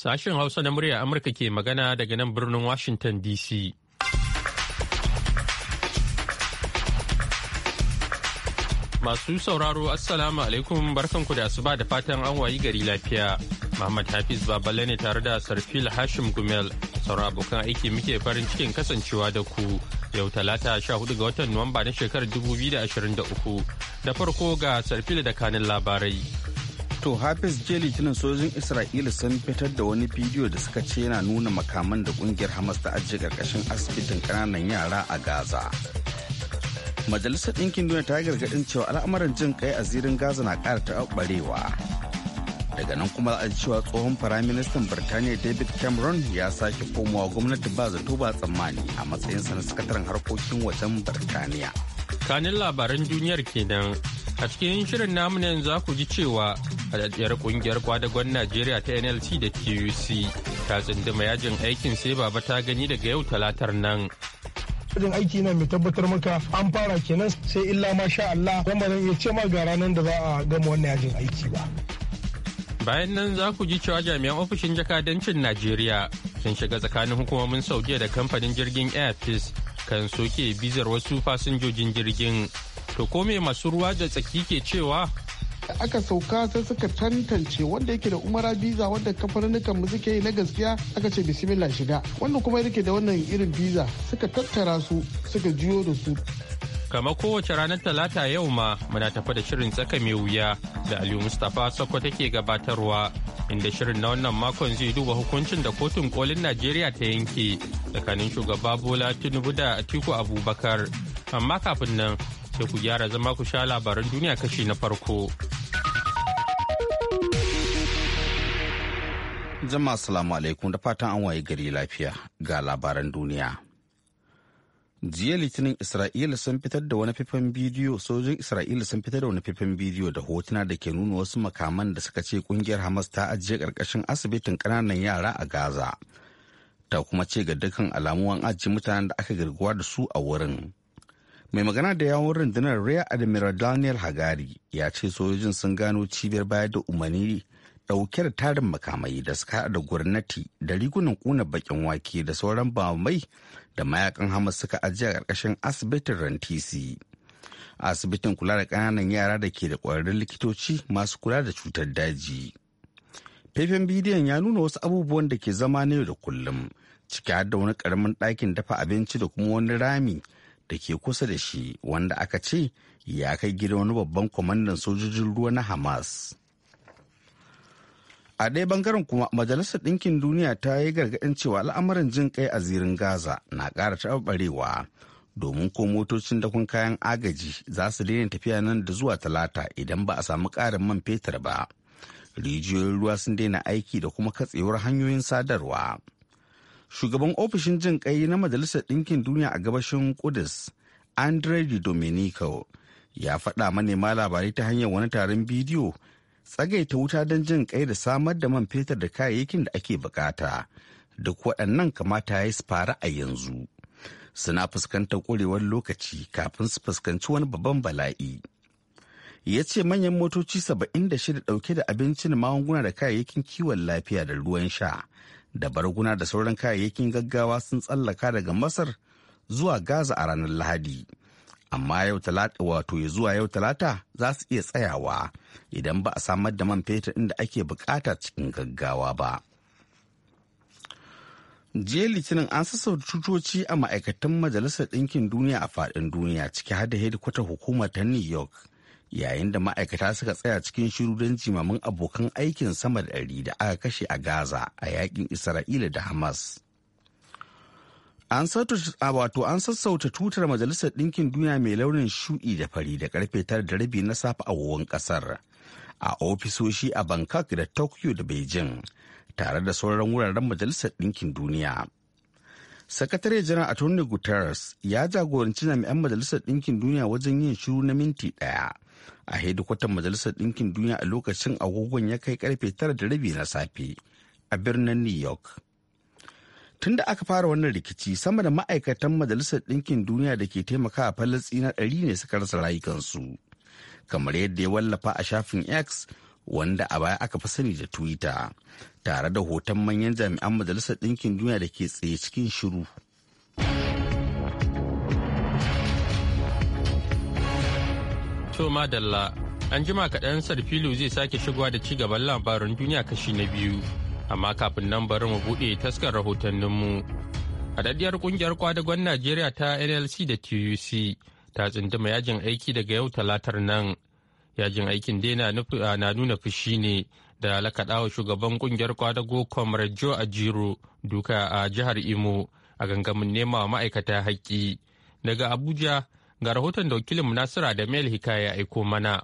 Sashen Hausa na murya Amurka ke magana daga nan birnin Washington DC. Masu sauraro Assalamu alaikum barkanku da asuba da fatan an wayi gari lafiya. Muhammad Hafiz Baballe ne tare da Sarfil Hashim Gumel. Sauran abokan aiki muke farin cikin kasancewa da ku yau talata 14 ga watan Nuwamba na shekarar 2023. Da farko ga Sarfil da kanin labarai. To Hafiz je litinin sojin Isra'ila sun fitar da wani bidiyo da suka ce yana nuna makaman da kungiyar Hamas ta ajiye karkashin asibitin kananan yara a Gaza. Majalisar Ɗinkin Duniya ta gargaɗin cewa al'amuran jin kai a zirin Gaza na ƙara taɓarewa. Daga nan kuma a cewa tsohon Firaministan Birtaniya David Cameron ya sake komawa gwamnati ba zato ba tsammani a sa na sakataren harkokin wajen Birtaniya. Kanin labaran duniyar kenan a cikin shirin namu yanzu za ku ji cewa haɗaɗɗiyar ƙungiyar kwadagon najeriya ta nlc da tuc ta ma yajin aikin sai baba ta gani daga yau talatar nan yajin aiki na mai tabbatar maka an fara kenan sai illa ma sha Allah don ba zan iya ce ma ga ranar da za a gama wannan yajin aiki ba. Bayan nan za ku ji cewa jami'an ofishin jakadancin Najeriya sun shiga tsakanin hukumomin Saudiya da kamfanin jirgin airpeace kan soke bizar wasu fasinjojin jirgin. To ko me masu ruwa da tsaki ke cewa da aka sauka sai suka tantance wanda yake da umara biza wanda kafarnukan mu suke yi na gaskiya aka ce bismillah shiga wanda kuma yake da wannan irin biza suka tattara su suka juyo da su kama kowace ranar talata yau ma muna tafa da shirin tsaka mai wuya da aliyu mustapha sako take gabatarwa inda shirin na wannan makon zai duba hukuncin da kotun kolin najeriya ta yanke tsakanin shugaba bola tinubu da atiku abubakar amma kafin nan sai ku gyara zama ku sha labaran duniya kashi na farko jama'a salamu alaikum da fatan an waye gari lafiya ga labaran duniya. Jiya Litinin Isra'ila sun fitar da wani faifan bidiyo sojin Isra'ila sun fitar da wani faifan bidiyo da hotuna da ke nuna wasu makaman da suka ce kungiyar Hamas ta ajiye karkashin asibitin kananan yara a Gaza. Ta kuma ce ga dukkan alamu an ajiye mutanen da aka girguwa da su a wurin. mai magana da yawon rundunar rear admiral daniel hagari ya ce sojojin sun gano cibiyar bayar da umarni ɗauke da tarin makamai da suka haɗa da gwamnati da rigunan ƙuna bakin wake da sauran bamai da mayakan hamas suka ajiye a ƙarƙashin asibitin rantisi asibitin kula da ƙananan yara da ke da ƙwararrun likitoci masu kula da cutar daji faifan bidiyon ya nuna wasu abubuwan da ke zama na yau da kullum ciki har da wani ƙaramin ɗakin dafa abinci da kuma wani rami da ke kusa da shi wanda aka ce ya kai gida wani babban kwamandan sojojin ruwa na hamas a ɗaya bangaren kuma majalisar ɗinkin duniya ta yi gargaɗin cewa al'amarin jin kai a zirin gaza na ƙara taɓarɓarewa domin ko motocin dakon kayan agaji za su daina tafiya nan da zuwa talata idan ba a samu ƙarin man fetur ba rijiyoyin ruwa sun daina aiki da kuma katsewar hanyoyin sadarwa shugaban ofishin jin kai na majalisar ɗinkin duniya a gabashin kudus andre di domenico ya faɗa manema labarai ta hanyar wani taron bidiyo tsagaita wuta don jin kai da samar da man fetur da kayayyakin da ake bukata duk waɗannan kamata ya su faru a yanzu suna fuskantar ƙwarewar lokaci kafin su fuskanci wani babban bala'i ya ce manyan motoci 76 ɗauke da abincin magunguna da kayayyakin kiwon lafiya da ruwan sha da barguna da sauran kayayyakin gaggawa sun tsallaka daga masar zuwa gaza a ranar lahadi amma yau talata wato ya zuwa yau talata za su iya tsayawa idan ba a samar da man fetur inda ake bukata cikin gaggawa ba jiya litinin an sassauta cutoci a ma'aikatan majalisar ɗinkin duniya a faɗin duniya ciki har da hedikwatar hukumar ta new york yayin da ma'aikata suka tsaya cikin shiru don jimamin abokan aikin sama da ɗari da aka kashe a gaza a yakin isra'ila da hamas an wato an sassauta tutar majalisar ɗinkin duniya mai launin shuɗi da fari da karfe tara da rabi na safe a wuwan ƙasar a ofisoshi a bangkok da tokyo da beijing tare da sauran wuraren majalisar ɗinkin duniya sakatare janar attorney guterres ya jagoranci jami'an majalisar ɗinkin duniya wajen yin shiru na minti ɗaya a hedikwatar majalisar ɗinkin duniya a lokacin agogon ya kai karfe tara da rabi na safe a birnin new york tun da aka fara wannan rikici sama da ma'aikatan majalisar ɗinkin duniya da ke taimakawa falastina ɗari ne suka rasa rayukansu kamar yadda ya wallafa a shafin x wanda a baya aka fi sani da twitter tare da hoton manyan jami'an majalisar ɗinkin duniya da ke tsaye cikin shiru to madalla an jima kaɗan sarfilu zai sake shigowa da ci gaban labaran duniya kashi na biyu amma kafin nan bari mu buɗe taskar rahotanninmu hadaddiyar ƙungiyar kwadagon najeriya ta nlc da tuc ta tsindima yajin aiki daga yau talatar nan yajin aikin dai na nuna fushi ne da lakaɗawa shugaban ƙungiyar kwadago comrade joe ajiro duka a jihar imo a gangamin nema wa ma'aikata haƙƙi daga abuja ga rahoton da wakilin nasira da mel hikaya aiko mana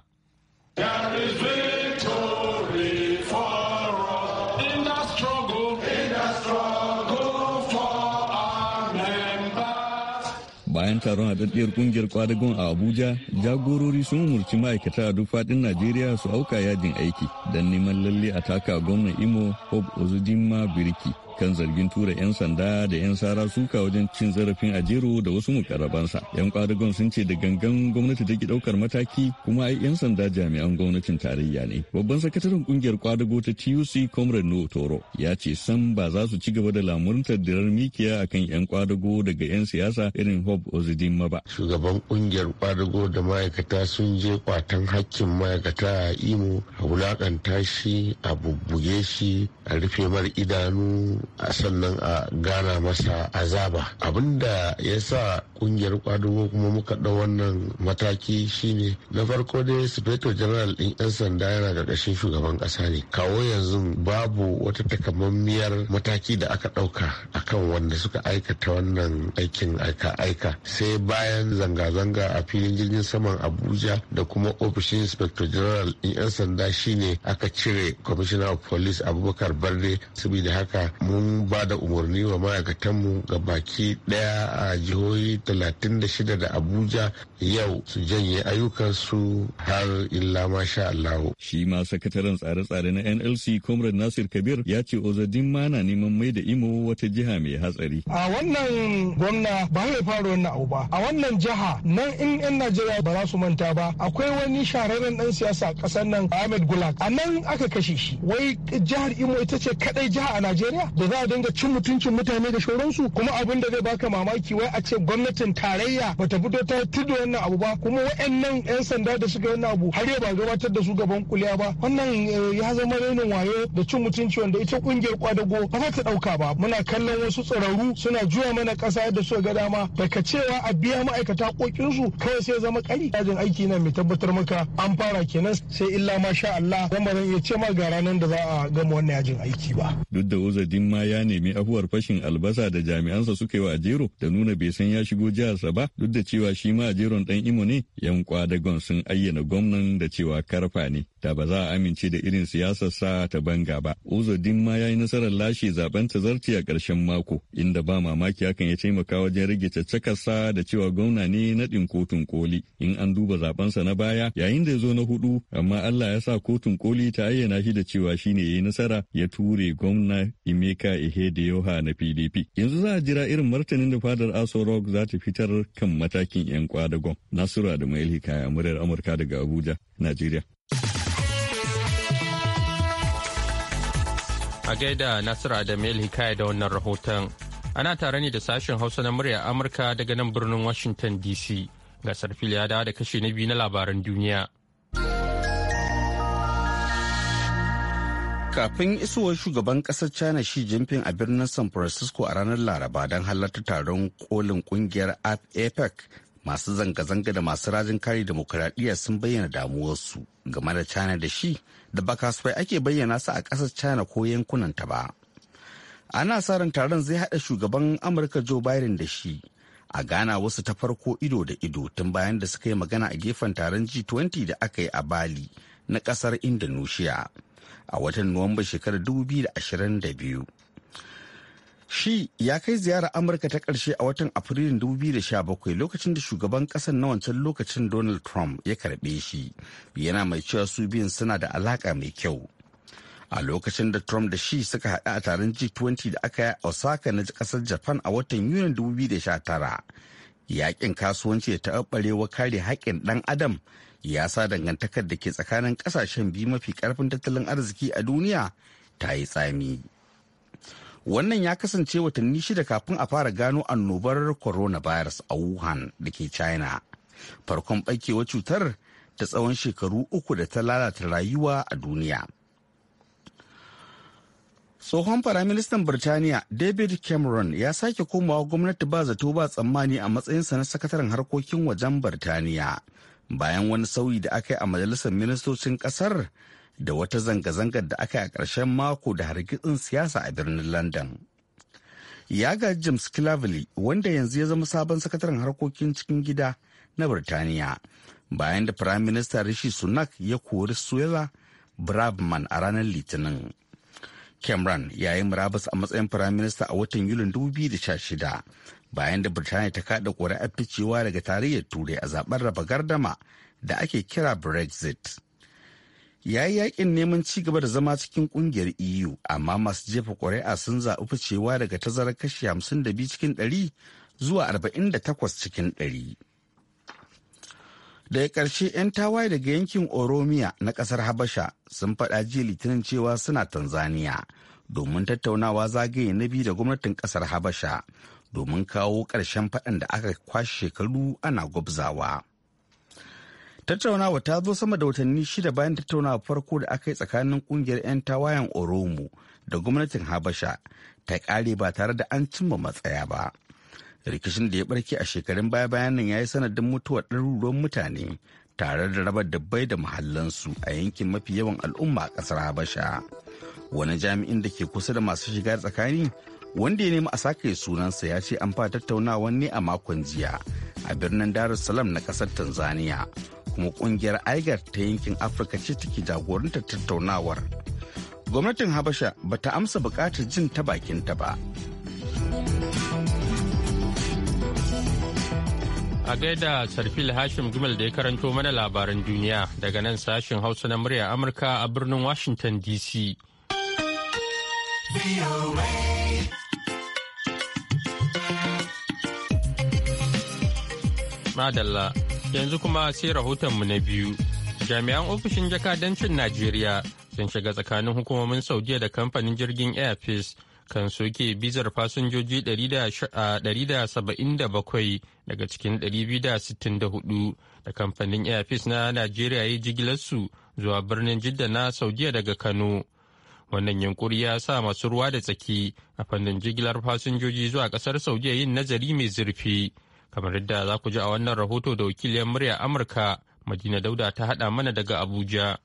bayan taron haɗaɗɗiyar ƙungiyar kwadagon a abuja jagorori sun umarci ma'aikata a duk faɗin najeriya su auka yajin aiki don neman lalle a taka gwamnan imo hope ozudinma birki kan zargin tura 'yan sanda da 'yan sara suka wajen cin zarafin ajero da wasu mukarrabansa. 'Yan kwadagon sun ce da gangan gwamnati take daukar mataki kuma ai 'yan sanda jami'an gwamnatin tarayya ne. Babban sakataren kungiyar kwadago ta TUC Comrade No Toro ya ce san ba za su ci gaba da lamurtar dirar mikiya akan 'yan kwadago daga 'yan siyasa irin Hob Ozidinma ba. Shugaban kungiyar kwadago da ma'aikata sun je kwatan hakkin ma'aikata a Imo a wulakanta shi a bubbuge shi a rufe mar idanu sannan a gana masa azaba abinda ya sa kungiyar kwadugo kuma muka ɗau wannan mataki shine na farko dai sufeto general ɗin 'yan sanda yana ƙarƙashin shugaban ƙasa ne kawo yanzu babu wata takamammiyar mataki da aka ɗauka akan wanda suka aikata wannan aikin aika-aika sai bayan zanga-zanga a filin jirgin saman abuja da kuma ofishin inspector general ɗin 'yan sanda shine aka cire commissioner of police abubakar barde saboda haka mu mun ba da umarni wa ma'aikatanmu ga baki daya a jihohi 36 da abuja yau su janye ayyukansu har illa masha Allah. Shi ma sakataren tsare-tsare na NLC Comrade Nasir Kabir ya ce ma na neman mai da Imo wata jiha mai hatsari. A wannan gwamna ba zai fara wannan abu ba. A wannan jiha nan in 'yan Najeriya ba za su manta ba akwai wani shahararren dan siyasa kasar nan Ahmed Gulak. A nan aka kashe shi. Wai jihar Imo ita ce kadai jiha a Najeriya da za a dinga cin mutuncin mutane da shauransu kuma abin da zai baka mamaki wai a ce gwamnatin tarayya bata fito ta tudu wannan abu ba kuma wa'annan 'yan sanda da suka yi wannan abu har ba gabatar da su gaban kuliya ba wannan eh, ya zama rainin waye da cin mutunci wanda ita kungiyar kwadago ba za ta ɗauka ba muna kallon wasu tsararru suna juya mana kasa yadda suka ga dama daga cewa a biya ma'aikata kokinsu kawai sai zama kari yajin aiki na mai tabbatar maka an fara kenan sai illa ma sha Allah zan ba zan iya ce ma ga ranar da za a gama wannan yajin aiki ba duk da uzadin ma ya nemi abuwar fashin albasa da jami'ansa suka yi wa ajero da nuna bai san ya shigo jihar sa ba duk da cewa shi ma ajero Godwin ɗan Imo ne, yan kwadagon sun ayyana gwamnan da cewa karfa ne, da ba za a amince da irin siyasar sa ta banga ba. Uzodin ma ya yi nasarar lashe zaben tazarci a ƙarshen mako, inda ba mamaki hakan ya taimaka wajen rage sa da cewa gwamna ne naɗin kotun koli. In an duba zabensa na baya, yayin da ya zo na hudu, amma Allah ya sa kotun koli ta ayyana shi da cewa shi ne ya yi nasara ya ture gwamna Emeka Yoha na PDP. Yanzu za a jira irin martanin da fadar Aso Rock za ta fitar kan matakin 'yan kwadagon. Maimakon Nasiru Adamu kaya muryar Amurka daga Abuja, Najeriya. A gaida Nasiru Adamu Hikaya da wannan rahoton. Ana tare ne da sashen Hausa na muryar Amurka daga nan birnin Washington DC. ga sarfili ya da kashe na biyu na labaran duniya. kafin isowar shugaban kasar china shi jinping a birnin san francisco a ranar laraba don halarta taron kolin kungiyar apec masu zanga-zanga da masu rajin kare demokuraɗiyya sun bayyana damuwarsu game da china da shi da ba kasuwai ake bayyana su a ƙasar china ko yankunan ta ba ana sa ran taron zai haɗa shugaban amurka joe biden da shi a ghana wasu ta farko ido da ido tun bayan da suka yi magana a gefen taron g20 da aka yi a bali na ƙasar indonesia a watan nuwamba shekarar 2022 Shi ya kai ziyara Amurka ta ƙarshe a watan Afrilun 2017 lokacin da shugaban ƙasar na wancan lokacin Donald Trump ya karɓe shi. Yana mai cewa su biyun suna da alaƙa mai kyau. A lokacin da Trump da shi suka haɗu a taron G20 da aka yi a Osaka na ƙasar Japan a watan Yunin 2019. Yaƙin kasuwanci da taɓarewa kare haƙƙin ɗan Adam ya sa dangantakar da ke tsakanin ƙasashen biyu mafi ƙarfin tattalin arziki a duniya ta yi tsami. Wannan ya kasance watanni shida kafin a fara gano annobar coronavirus a Wuhan da ke China. Farkon ɓakewa cutar ta tsawon shekaru uku da ta lalata rayuwa a duniya. Tsohon Firaministan Birtaniya David Cameron ya sake komawa gwamnati ba zato ba tsammani a matsayinsa na sakataren harkokin wajen Birtaniya bayan wani sauyi da aka yi a majalisar ministocin kasar da wata zanga-zangar da aka yi a ƙarshen mako da hargitsin siyasa a birnin london ya ga james clavely wanda yanzu ya zama sabon sakataren harkokin cikin gida na birtaniya bayan da prime minister rishi sunak ya kori suela brabman a ranar litinin cameron ya yi murabus a matsayin prime minister a watan yulin 2016 bayan da birtaniya ta kada ƙuri'ar ficewa daga tarayyar turai a zaben raba gardama da ake kira brexit ya yi yakin neman ci gaba da zama cikin kungiyar eu amma masu jefa ƙuri'a sun zaɓi ficewa daga tazarar kashi 52 cikin 100 zuwa 48 cikin 100 daga ƙarshe 'yan tawaye daga yankin oromia na ƙasar habasha sun faɗa jiya litinin cewa suna tanzania domin tattaunawa zagaye na biyu da gwamnatin ƙasar habasha domin kawo ƙarshen faɗan da aka kwashe shekaru ana gwabzawa. tattaunawa ta zo sama da watanni shida bayan tattaunawa farko da aka yi tsakanin kungiyar 'yan tawayen oromo da gwamnatin habasha ta kare ba tare da an cimma matsaya ba rikicin da ya barke a shekarun baya bayan nan ya yi sanadin mutuwar ɗaruruwan mutane tare da raba dabbai da mahallansu a yankin mafi yawan al'umma a ƙasar habasha wani jami'in da ke kusa da masu shiga tsakani wanda ya nemi a sake sunansa ya ce an fa tattaunawa ne a makon jiya a birnin dar es na ƙasar tanzania kuma kungiyar Aigar ta yankin afirka ce take jagorantar tattaunawar gwamnatin habasha ba ta amsa bukatar jin ta bakinta ba a gaida sarfil hashim gumel da ya karanto mana labaran duniya daga nan sashen hausa na murya amurka a birnin washington dc madalla Yanzu kuma sai rahoton mu na biyu. Jami'an ofishin jakadancin Najeriya sun shiga tsakanin hukumomin Saudiya da kamfanin jirgin Airpeace kan soke bizar fasinjoji 177 daga cikin 264 da kamfanin Airpeace na Najeriya ya jigilarsu zuwa birnin Jidda na Saudiya daga Kano. Wannan yunkuri ya sa masu ruwa da tsaki a fannin jigilar fasinjoji zuwa ƙasar Saudiya yin nazari mai zurfi. kamar yadda za ku ji a wannan rahoto da wakiliyar murya amurka madina dauda ta hada mana daga abuja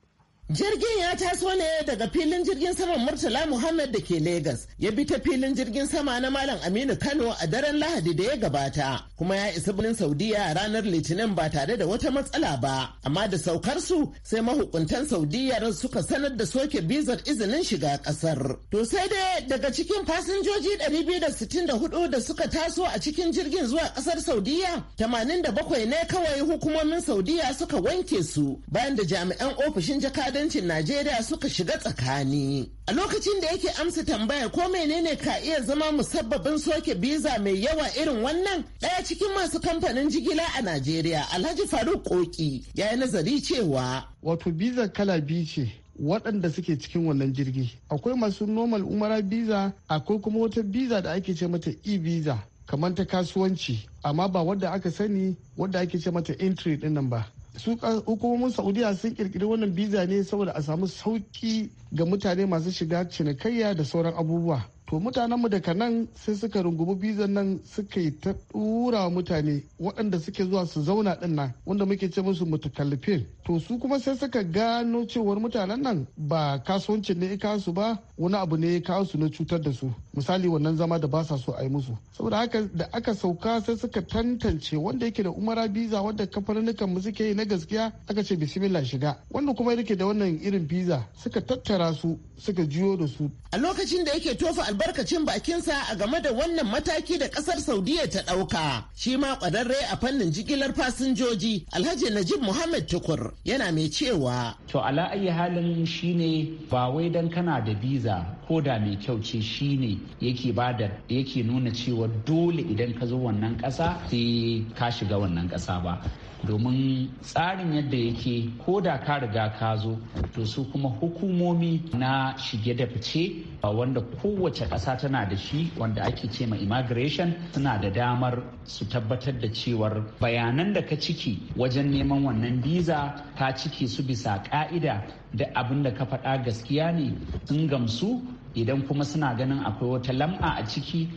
Jirgin ya taso ne daga filin jirgin saman Murtala Muhammad da ke Legas, ya bi ta filin jirgin sama na Malam Aminu Kano a daren Lahadi da ya gabata, kuma ya isa birnin Saudiya ranar Litinin ba tare da wata matsala ba, amma da saukar su sai mahukuntan Saudiya suka sanar da soke bizar izinin shiga kasar. To sai dai daga cikin fasinjoji 264 da suka taso a cikin jirgin zuwa kasar Saudiya, 87 ne kawai hukumomin Saudiya suka wanke su bayan da jami'an ofishin jakadan kudancin Najeriya suka shiga tsakani. A lokacin da yake amsa tambaya ko menene ka iya zama musabbabin soke biza mai yawa irin wannan ɗaya cikin masu kamfanin jigila a Najeriya Alhaji Faruk Koki ya yi nazari cewa. Wato biza kala biyu ce waɗanda suke cikin wannan jirgi akwai masu normal umara biza akwai kuma wata biza da ake ce mata e-biza kamar ta kasuwanci amma ba wadda aka sani wadda ake ce mata entry ɗin ba su hukumomin saudiya sun kirkiri wannan biza ne saboda a samu sauki ga mutane masu shiga cinikayya da sauran abubuwa to mutanenmu daga nan sai suka rungumi bizan nan suka yi ta dura mutane waɗanda suke zuwa su zauna ɗin nan wanda muke ce musu mutakallifin to su kuma sai suka gano cewar mutanen nan ba kasuwancin ne ya su ba wani abu ne ya su na cutar da su misali wannan zama da ba sa so a yi musu saboda haka da aka sauka sai suka tantance wanda yake da umara biza wanda kafarnukan mu suke yi na gaskiya aka ce bismillah shiga wanda kuma yake da wannan irin biza suka tattara su suka jiyo da su a lokacin da yake tofa albarkacin bakinsa a game da wannan mataki da kasar Saudiya ta ɗauka. Shi ma ƙwararre a fannin jigilar fasinjoji Alhaji Najib Muhammad Tukur yana mai cewa. To ala ayi halin shine ba wai dan kana da biza ko da mai kyau ce shine yake bada yake nuna cewa dole idan ka zo wannan kasa sai ka shiga wannan kasa ba. domin tsarin yadda yake ko da ka riga ka zo to su kuma hukumomi na shige da fice wanda kowace ƙasa tana da shi wanda ake ce ma immigration suna da damar su tabbatar da cewar bayanan da ka ciki wajen neman wannan biza ka ciki su bisa ka'ida da abin da ka faɗa gaskiya ne sun gamsu idan kuma suna ganin akwai wata lam'a a ciki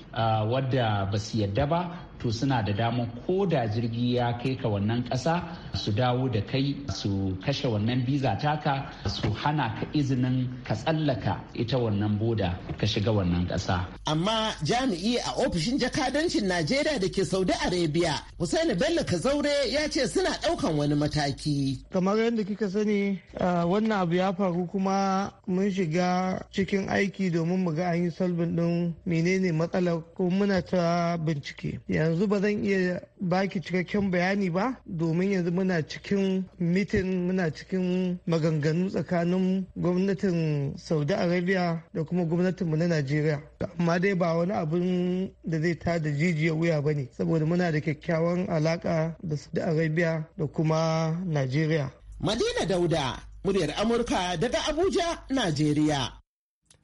wadda ba su yadda ba to suna da dama ko da jirgi ya kai ka wannan ƙasa su dawo da kai su kashe wannan biza taka su hana ka izinin ka tsallaka ita wannan boda ka shiga wannan ƙasa. Amma jami'i a ofishin jakadancin Najeriya da ke Saudi Arabia Hussaini Bello Kazaure ya ce suna ɗaukan wani mataki. Kamar yadda kika sani wannan abu ya faru kuma mun shiga cikin aiki domin mu ga an yi salbin ɗin menene matsalar ko muna ta bincike. yanzu ba zan iya baki cikakken bayani ba domin yanzu muna cikin mitin muna cikin maganganu tsakanin gwamnatin saudi arabia da kuma gwamnatinmu na najeriya amma dai ba wani abin da zai da jijiya wuya ba ne saboda muna da kyakkyawan alaka da saudi arabia da kuma najeriya madina dauda muryar amurka daga abuja najeriya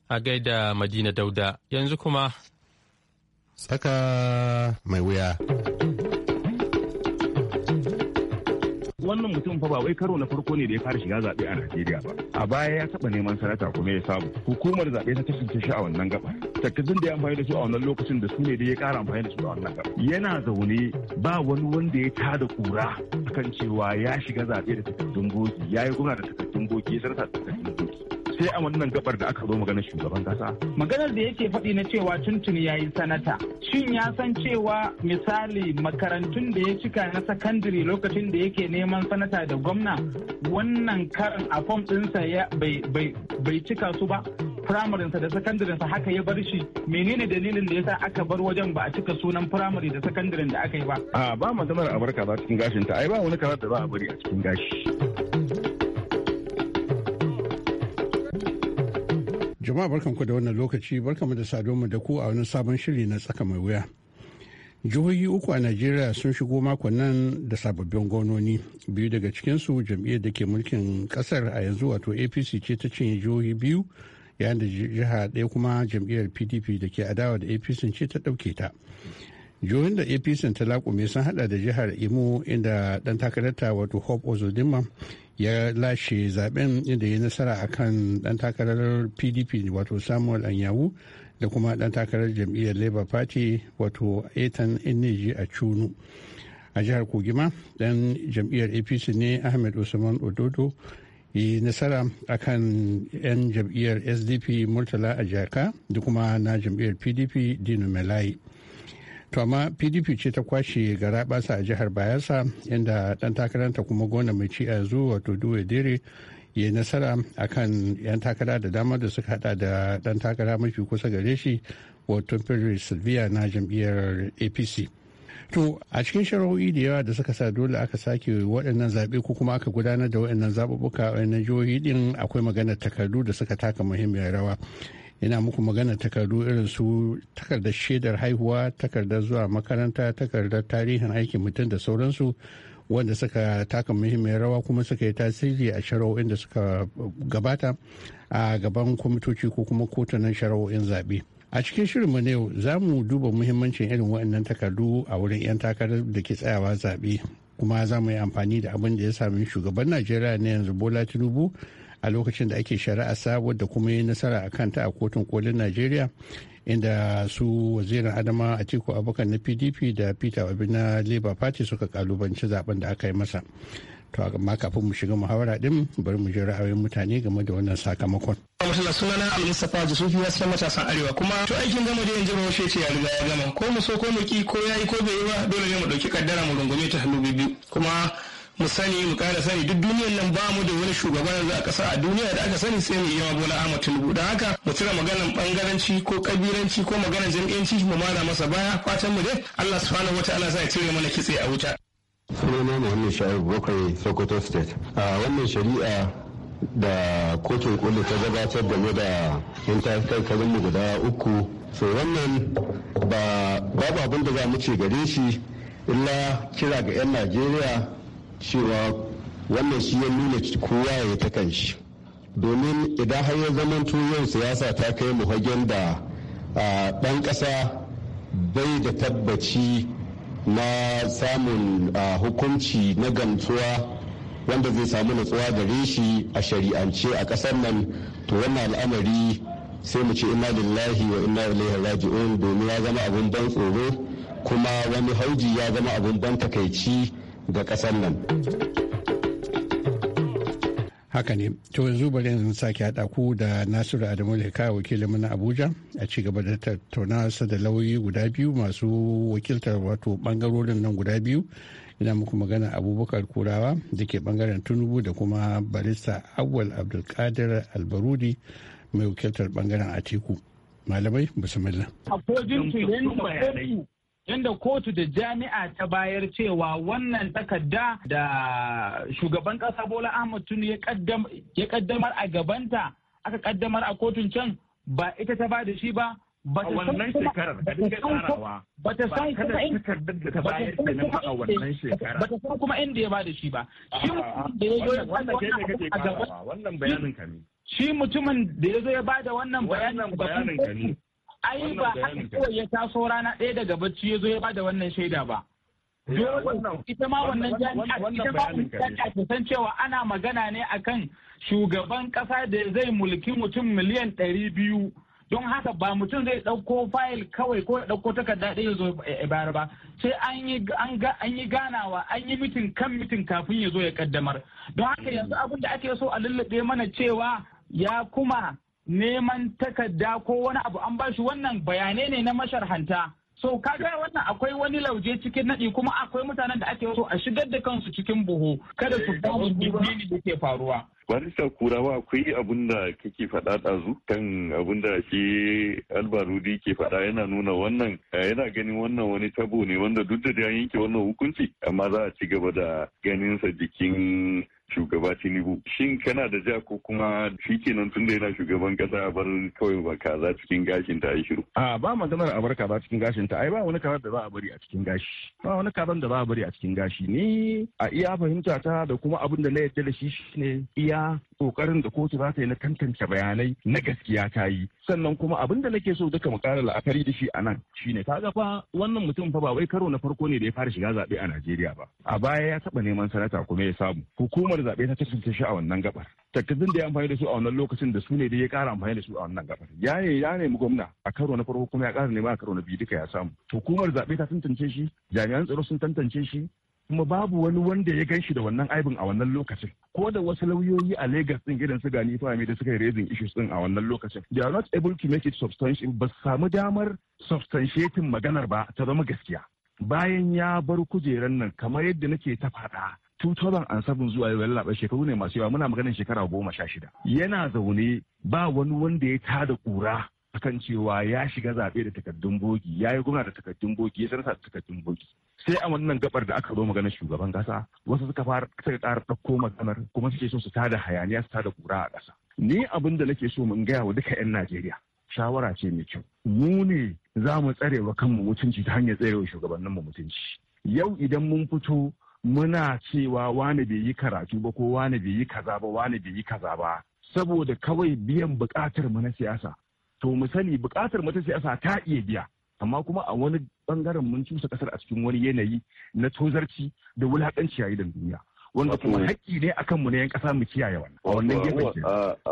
a gaida madina dauda yanzu kuma tsaka mai wuya. wannan mutum fa ba wai karo na farko ne da ya fara shiga zaɓe a Najeriya ba. A baya ya taɓa neman sarata kuma ya samu. Hukumar zaɓe ta kasance shi a wannan gaba. Takkazin da ya amfani da su a wannan lokacin da su ne da ya ƙara amfani da su a wannan gaba. Yana zaune ba wani wanda ya tada kura akan cewa ya shiga zaɓe da takardun boki ya yi gwamna da takardun boki ya sarata da takardun boki. sai a wannan gabar da aka zo maganar shugaban kasa maganar da yake faɗi na cewa tuntuni ya yi sanata shin ya san cewa misali makarantun da ya cika na sakandare lokacin da yake neman sanata da gwamna wannan karin a fom ɗinsa bai cika su ba firamarinsa da sakandarinsa haka ya bar shi menene dalilin da yasa aka bar wajen ba a cika sunan firamare da sakandare da aka yi ba a ba maganar amurka ba cikin gashin ta ai ba wani karar da ba a bari a cikin gashi Jama'a barkanku da wannan lokaci barkanmu da mu da ku a wani sabon shiri na tsaka mai wuya. jihohi uku a najeriya sun shigo makon nan da sababbin gononi biyu daga cikinsu jam'iyyar da ke mulkin kasar a yanzu wato apc ce ta cinye jihohi biyu yayin da jiha ɗaya kuma jam'iyyar pdp da ke adawa da apc ce ta ɗauke ta jihohin da apc ta laƙume sun hada da jihar imo inda ɗan takararta wato hope ozodinma ya lashe zaben inda ya nasara akan dan takarar pdp wato samuel anyawu da kuma dan takarar jam'iyyar labour party wato ethan ineji a cunu a jihar kogima dan jam'iyyar apc ne ahmed usman ododo yi nasara akan 'yan jam'iyyar sdp murtala a jaka da kuma na jam'iyyar pdp dino melai to amma pdp ce ta kwashe gara a jihar bayasa inda dan takaranta kuma gona mai ci a yanzu wato duwe dere ya nasara kan yan takara da dama da suka hada da dan takara mafi kusa gare shi wato pedro sylvia na jam'iyyar apc to a cikin shari'o'i da yawa da suka sa dole aka sake waɗannan zaɓe ko kuma aka gudanar da waɗannan zaɓuɓɓuka a wani jihohi din akwai maganar takardu da suka taka muhimmiyar rawa ina muku magana takardu irin su takardar shaidar haihuwa takardar zuwa makaranta takardar tarihin aikin mutum da sauransu wanda suka taka muhimmiyar rawa kuma suka yi tasiri a shara'o'in da suka gabata a gaban kwamitoci ko kuma kotunan shara'o'in zaɓe a cikin shirinmu na yau za mu duba muhimmancin irin waɗannan takardu a wurin 'yan takarar da ke tsayawa zaɓe kuma za mu yi amfani da abin da ya sami shugaban najeriya na yanzu bola tinubu a lokacin da ake shari'a sabuwar da kuma yi nasara a kanta a kotun kolin najeriya inda su wazirin adama a ciko abokan na pdp da peter obi na labour party suka kalubanci zaben da aka yi masa to amma kafin mu shiga muhawara din bari mu ji ra'ayoyin mutane game da wannan sakamakon na sunana al-mustafa jusufi ya san matasan arewa kuma to aikin gama da yanzu rawashe ce ya riga ya gama ko mu so ko mu ki ko yayi ko bai yi ba dole ne mu dauki kaddara mu rungume ta hannu biyu kuma mu sani mu kara sani duk duniyar nan ba mu da wani shugaban yanzu a sa a duniya da aka sani sai mu yi wa bola ahmad tinubu don haka mu cire maganar bangaranci ko kabilanci ko maganar jami'anci mu mara masa baya fatan mu dai allah subhanahu wataala zai cire mana kitse a wuta sunana muhammad sha'ib bakwai sokoto state a wannan shari'a da kotun koli ta gabatar game da yan tasirin mu guda uku so wannan ba babu abin da za mu ce gare shi illa kira ga 'yan najeriya cewa wannan shi ya nuna kowa ya ta kan domin idan har ya zamanto yau siyasa ta kai mu hagen da ɗan ƙasa bai da tabbaci na samun hukunci na gamsuwa wanda zai samu natsuwa gare shi a shari'ance a ƙasar nan to wannan al'amari sai mu ce inna lillahi wa inna ilaihi raji'un domin ya zama abin ban tsoro kuma wani hauji ya zama abin ban takaici ga ƙasar nan. haka ne to yanzu bari yanzu sake haɗa ku da nasiru adamu hikaya wakilin na abuja a ci gaba da tattaunawarsa da lauyi, guda biyu masu wakiltar wato bangarorin nan guda biyu ina muku magana abubakar kurawa da ke bangaren tunubu da kuma barista awal abdulkadir albarudi mai wakiltar bangaren atiku malamai bismillah yadda kotu da jami'a ta bayar cewa wannan takarda da shugaban ƙasa bola ahmad tunu ya kaddamar a gabanta aka kaddamar a kotun can ba ita ta ba da shi ba ba ta wannan shekarar da dinga tsarawa ba ta san kuma in da ta bayar da nan a wannan shekarar ba ta san kuma inda ya ba da shi ba shi da ya zo wannan bayanin ka ne shi mutumin da ya zo ya ba da wannan bayanin bayanin ka ne ai ba haka kawai ya taso rana ɗaya daga bacci ya zo ya bada wannan shaida ba ita ma wannan jami'a ita ma ta san cewa ana magana ne akan shugaban kasa da zai mulki mutum miliyan ɗari biyu don haka ba mutum zai ɗauko fayil kawai ko ɗauko takarda ɗaya ya zo bayar ba sai an yi ganawa an yi mitin kan mitin kafin ya zo ya kaddamar don haka yanzu abin da ake so a lullube mana cewa ya kuma neman takarda ko wani abu an ba shi wannan bayanai ne na masharhanta so kaga wannan akwai wani lauje cikin nadi kuma akwai mutanen da ake so a shigar da kansu cikin buhu kada su babu ne da ke faruwa barista kurawa akwai abin da kake faɗa ɗazu kan abin da shi albarudi ke faɗa yana nuna wannan eh, yana ganin wannan wani tabo ne wanda duk da ya yanke wannan hukunci amma za a ci gaba da ganinsa jikin shugaba tinubu shin kana da ja ko kuma shi kenan tun da yana shugaban kasa a bar kawai ba kaza cikin gashin ta yi shiru a ba maganar a bar kaza cikin gashin ta ai ba wani kaza da za a bari a cikin gashi ba wani kaza da za a bari a cikin gashi ni a iya fahimta ta da kuma abin da na yadda da shi shine iya kokarin da kotu za ta yi na tantance bayanai na gaskiya ta yi sannan kuma abin da nake so duka mu kara la'akari da shi a nan shine kaga fa wannan mutum fa ba wai karo na farko ne da ya fara shiga zaɓe a Najeriya ba a baya ya taɓa neman sanata kuma ya samu hukumar da zaɓe ta tantance shi a wannan gabar Tattalin da ya amfani da su a wannan lokacin da su ne da ya ƙara amfani da su a wannan gabar ya ne ya ne, gwamna a karo na farko kuma ya ƙara nema a karo na biyu duka ya samu hukumar zaɓe ta tantance shi jami'an tsaro sun tantance shi kuma babu wani wanda ya gan shi da wannan aibin a wannan lokacin ko da wasu lauyoyi a Legas din irin su gani fami da suka yi raising issues din a wannan lokacin they are not able to make it substantial ba samu damar substantiating maganar ba ta zama gaskiya bayan ya bar kujeran nan kamar yadda nake ta faɗa 2007 zuwa yau lallaɓa shekaru ne masu yawa muna maganin shekara goma sha shida yana zaune ba wani wanda ya tada kura akan cewa ya shiga zaɓe da takardun bogi ya yi gwamna da takardun bogi ya sanata da takardun bogi sai a wannan gabar da aka zo maganar shugaban kasa wasu suka fara suka ƙara ɗauko maganar kuma suke so su tada hayaniya su tada kura a ƙasa ni abin da nake so mun gaya wa duka 'yan najeriya shawara ce mai kyau mu ne za mu tsarewa wa kanmu mutunci ta hanyar tsarewa shugabanninmu mutunci yau idan mun fito muna cewa wane bai yi karatu ba ko wani bai yi kaza ba wani bai yi kaza ba saboda kawai biyan bukatar mu na siyasa to mu sani bukatar mu ta siyasa ta iya biya amma kuma a wani bangaren mun cusa kasar a cikin wani yanayi na tozarci da wulakanci yayi da duniya wanda kuma haƙƙi ne akan mu ne yan ƙasa mu kiyaye wannan a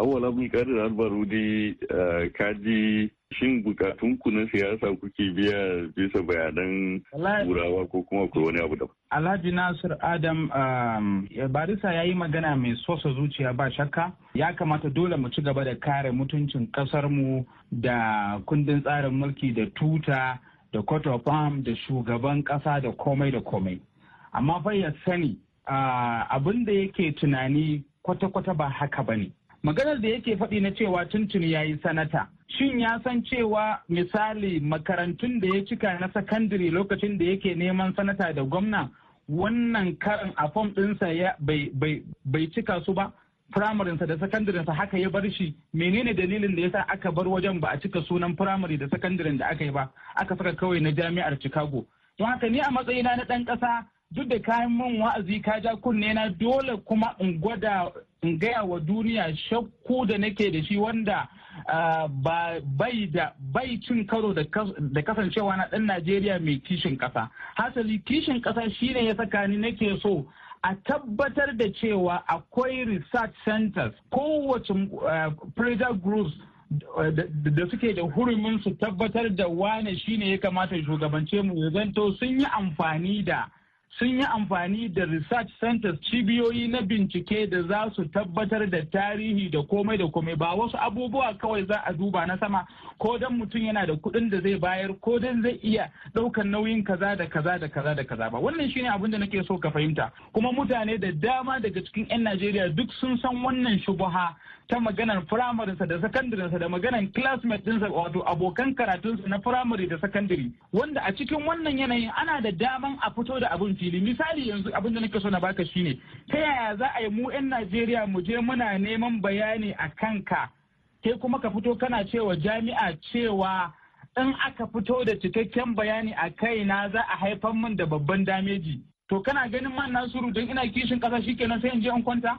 wannan mun ke da albaru qadir ka kaji shin bukatun ku na siyasa kuke biya bisa bayanan turawa ko kuma ku wani abu daban Alhaji Nasir Adam um, barisa ya yi magana mai sosa zuciya ba shakka ya kamata dole mu ci gaba da kare mutuncin kasar mu da kundin tsarin mulki da tuta da court of da shugaban ƙasa da komai da komai amma fa ya sani abin da yake tunani kwata-kwata ba haka ba ne. Maganar da yake faɗi na cewa tuntun ya yi sanata. Shin ya san cewa misali makarantun da ya cika na sakandare lokacin da yake neman sanata da gwamna wannan karin a fom ɗinsa bai cika su ba? firamarinsa da sakandarinsa haka ya bar shi menene dalilin da ya sa aka bar wajen ba a cika sunan firamare da sakandarin da aka yi ba aka saka kawai na jami'ar chicago don haka ni a matsayina na ɗan ƙasa duk da kayan man wa'azi ka ja kunne na dole kuma in gwada in gaya wa duniya shakku da nake da shi wanda bai da bai cin karo da kasancewa na dan Najeriya mai kishin kasa hasali kishin kasa shine ya saka ni nake so a tabbatar da cewa akwai research centers kowace pressure groups da suke da hurumin su tabbatar da wane shine ya kamata shugabance mu zanto sun yi amfani da sun yi amfani da research centers cibiyoyi na bincike da za su tabbatar da tarihi da komai da komai ba wasu abubuwa kawai za a duba na sama ko dan mutum yana da kuɗin da zai bayar ko dan zai iya ɗaukan nauyin kaza da kaza da kaza da kaza ba wannan shine abin da nake so ka fahimta kuma mutane da dama daga cikin 'yan Najeriya duk sun san wannan shubuha ta maganar firamarinsa da sa da maganar classmate ɗinsa wato abokan karatunsa na firamare da sakandare wanda a cikin wannan yanayin ana da daman a fito da abin fili misali yanzu abin da nake so na baka shine ta yaya za a yi mu 'yan najeriya mu je muna neman bayani a kanka kai kuma ka fito kana cewa jami'a cewa in aka fito da cikakken bayani a kaina za a haifar min da babban dameji to kana ganin man nasiru don ina kishin ƙasa shikenan sai in je in kwanta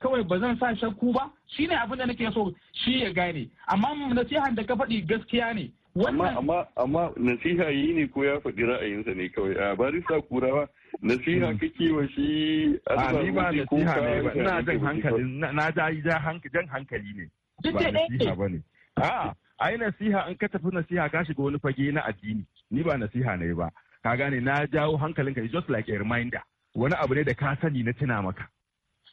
kawai ba zan sa shakku ba shi ne abin da nake so shi ya gane amma nasihan da ka faɗi gaskiya ne amma amma nasiha yi ne ko ya faɗi ra'ayinsa ne kawai a sa kurawa nasiha hmm. kake wa shi ni ba nasiha ne ba ina jan hankali na da jan hankali ne ba nasiha ba ne a'a ai nasiha an ka tafi nasiha ka shiga wani fage na addini ni ba nasiha ne ba ka gane na jawo hankalinka just like a reminder wani abu ne da ka sani na tuna maka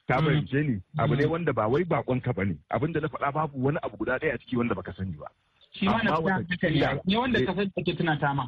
ka mm. fahimce ni abu ne mm. wanda ba wai bakon ka bane abin da na faɗa babu wani abu guda ɗaya a ciki wanda baka sani ba shi ma na fita ne wanda eh. ka sani take tuna ta ma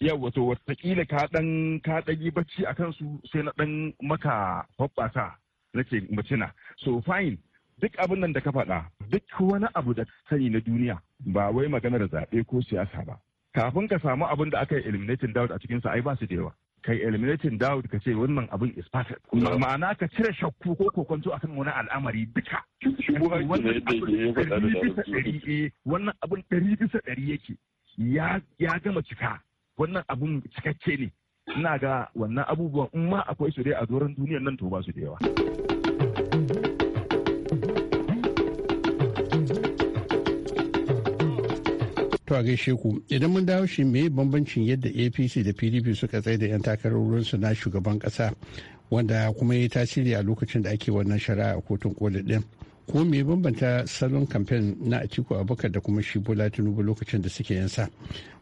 yawa to watakila ka dan ka dagi bacci a kansu sai na dan maka hoɓɓasa nake mutuna so fine duk abin nan da ka faɗa duk wani abu da sani na duniya ba wai maganar zaɓe ko siyasa ba kafin ka samu abin da aka yi eliminating doubt a cikinsa ai ba su da yawa kai eliminating doubt ka ce wannan abin is perfect mm. ma'ana ka cire shakku ko kokonto akan wani al'amari duka eh, wannan abin ɗari bisa ɗari yake ya gama cika wannan abin cikakke ne ina ga wannan abubuwan in ma akwai su dai a doron duniyar nan to ba su da yawa To a gaishe ku idan mun dawo shi me bambancin yadda APC da PDP suka tsaye da 'yan su na shugaban kasa wanda kuma ya tasiri a lokacin da ake wannan shari'a a kotun koli din. Ko me bambanta salon kamfen na Atiku Abubakar da kuma shi Bola Tinubu lokacin da suke yansa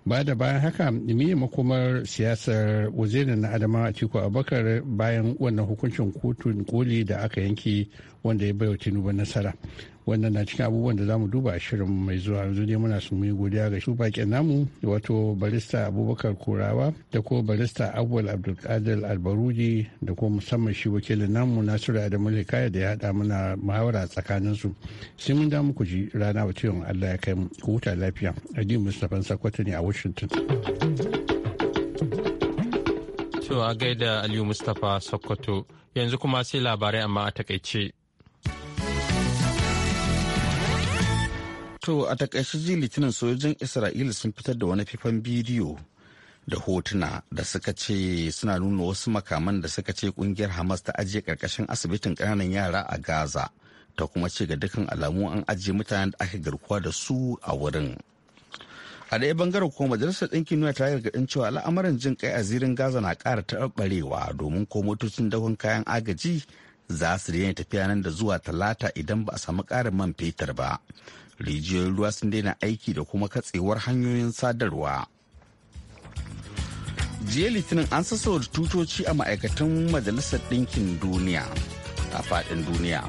Ba da bayan haka me makomar siyasar wazirin na Adamawa Atiku Abubakar bayan wannan hukuncin kotun koli da aka yanke wanda ya bai baiwa tinubu nasara wannan na cikin abubuwan da zamu duba a shirin mai zuwa yanzu dai muna su muyi godiya ga su bakin namu wato barista abubakar kurawa da ko barista abuwal abdulkadir albaruji da ko musamman shi wakilin namu nasiru adamu likaya da ya haɗa mana mahawara tsakanin su sai mun damu ku ji rana wa ciwon allah ya kai mu huta lafiya adi mustapha sakwata ne a washington to a gaida aliyu mustapha sokoto yanzu kuma sai labarai amma a takaice To a takaice ji litinin sojojin Isra'ila sun fitar da wani fifan bidiyo da hotuna da suka ce suna nuna wasu makaman da suka ce kungiyar Hamas ta ajiye karkashin asibitin kananan yara a Gaza ta kuma ce ga dukkan alamu an ajiye mutanen da aka garkuwa da su a wurin. a ɗaya bangaren kuma majalisar ɗinkin nuna ta gargaɗin cewa al'amarin jin kai a zirin gaza na ƙara taɓarɓarewa domin ko motocin dakon kayan agaji za su daina tafiya nan da zuwa talata idan ba a samu ƙarin man fetur ba rijiyoyin ruwa sun daina aiki da kuma katsewar hanyoyin sadarwa jiya litinin an sassa da tutoci a ma'aikatan majalisar ɗinkin duniya a faɗin duniya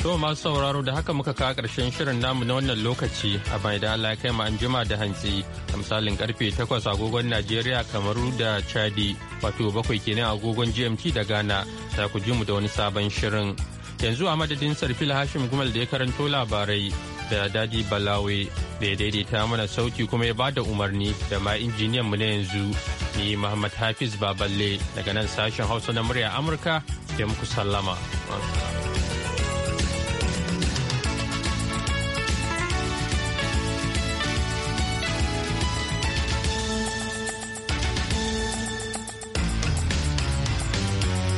To masu sauraro da haka muka kawo karshen shirin namu na wannan lokaci a bai da Allah kai mu an da hantsi a misalin karfe 8 agogon Najeriya Kamaru da Chadi wato bakwai kenan agogon GMT da Ghana ta ku ji mu da wani sabon shirin. Yanzu a madadin Sarfil Hashim Gumal da ya karanto labarai da Dadi Balawe da ya daidaita mana sauti kuma ya bada umarni da ma injiniyan mu na yanzu ni Muhammad Hafiz Baballe daga nan sashen Hausa na murya Amurka da muku sallama.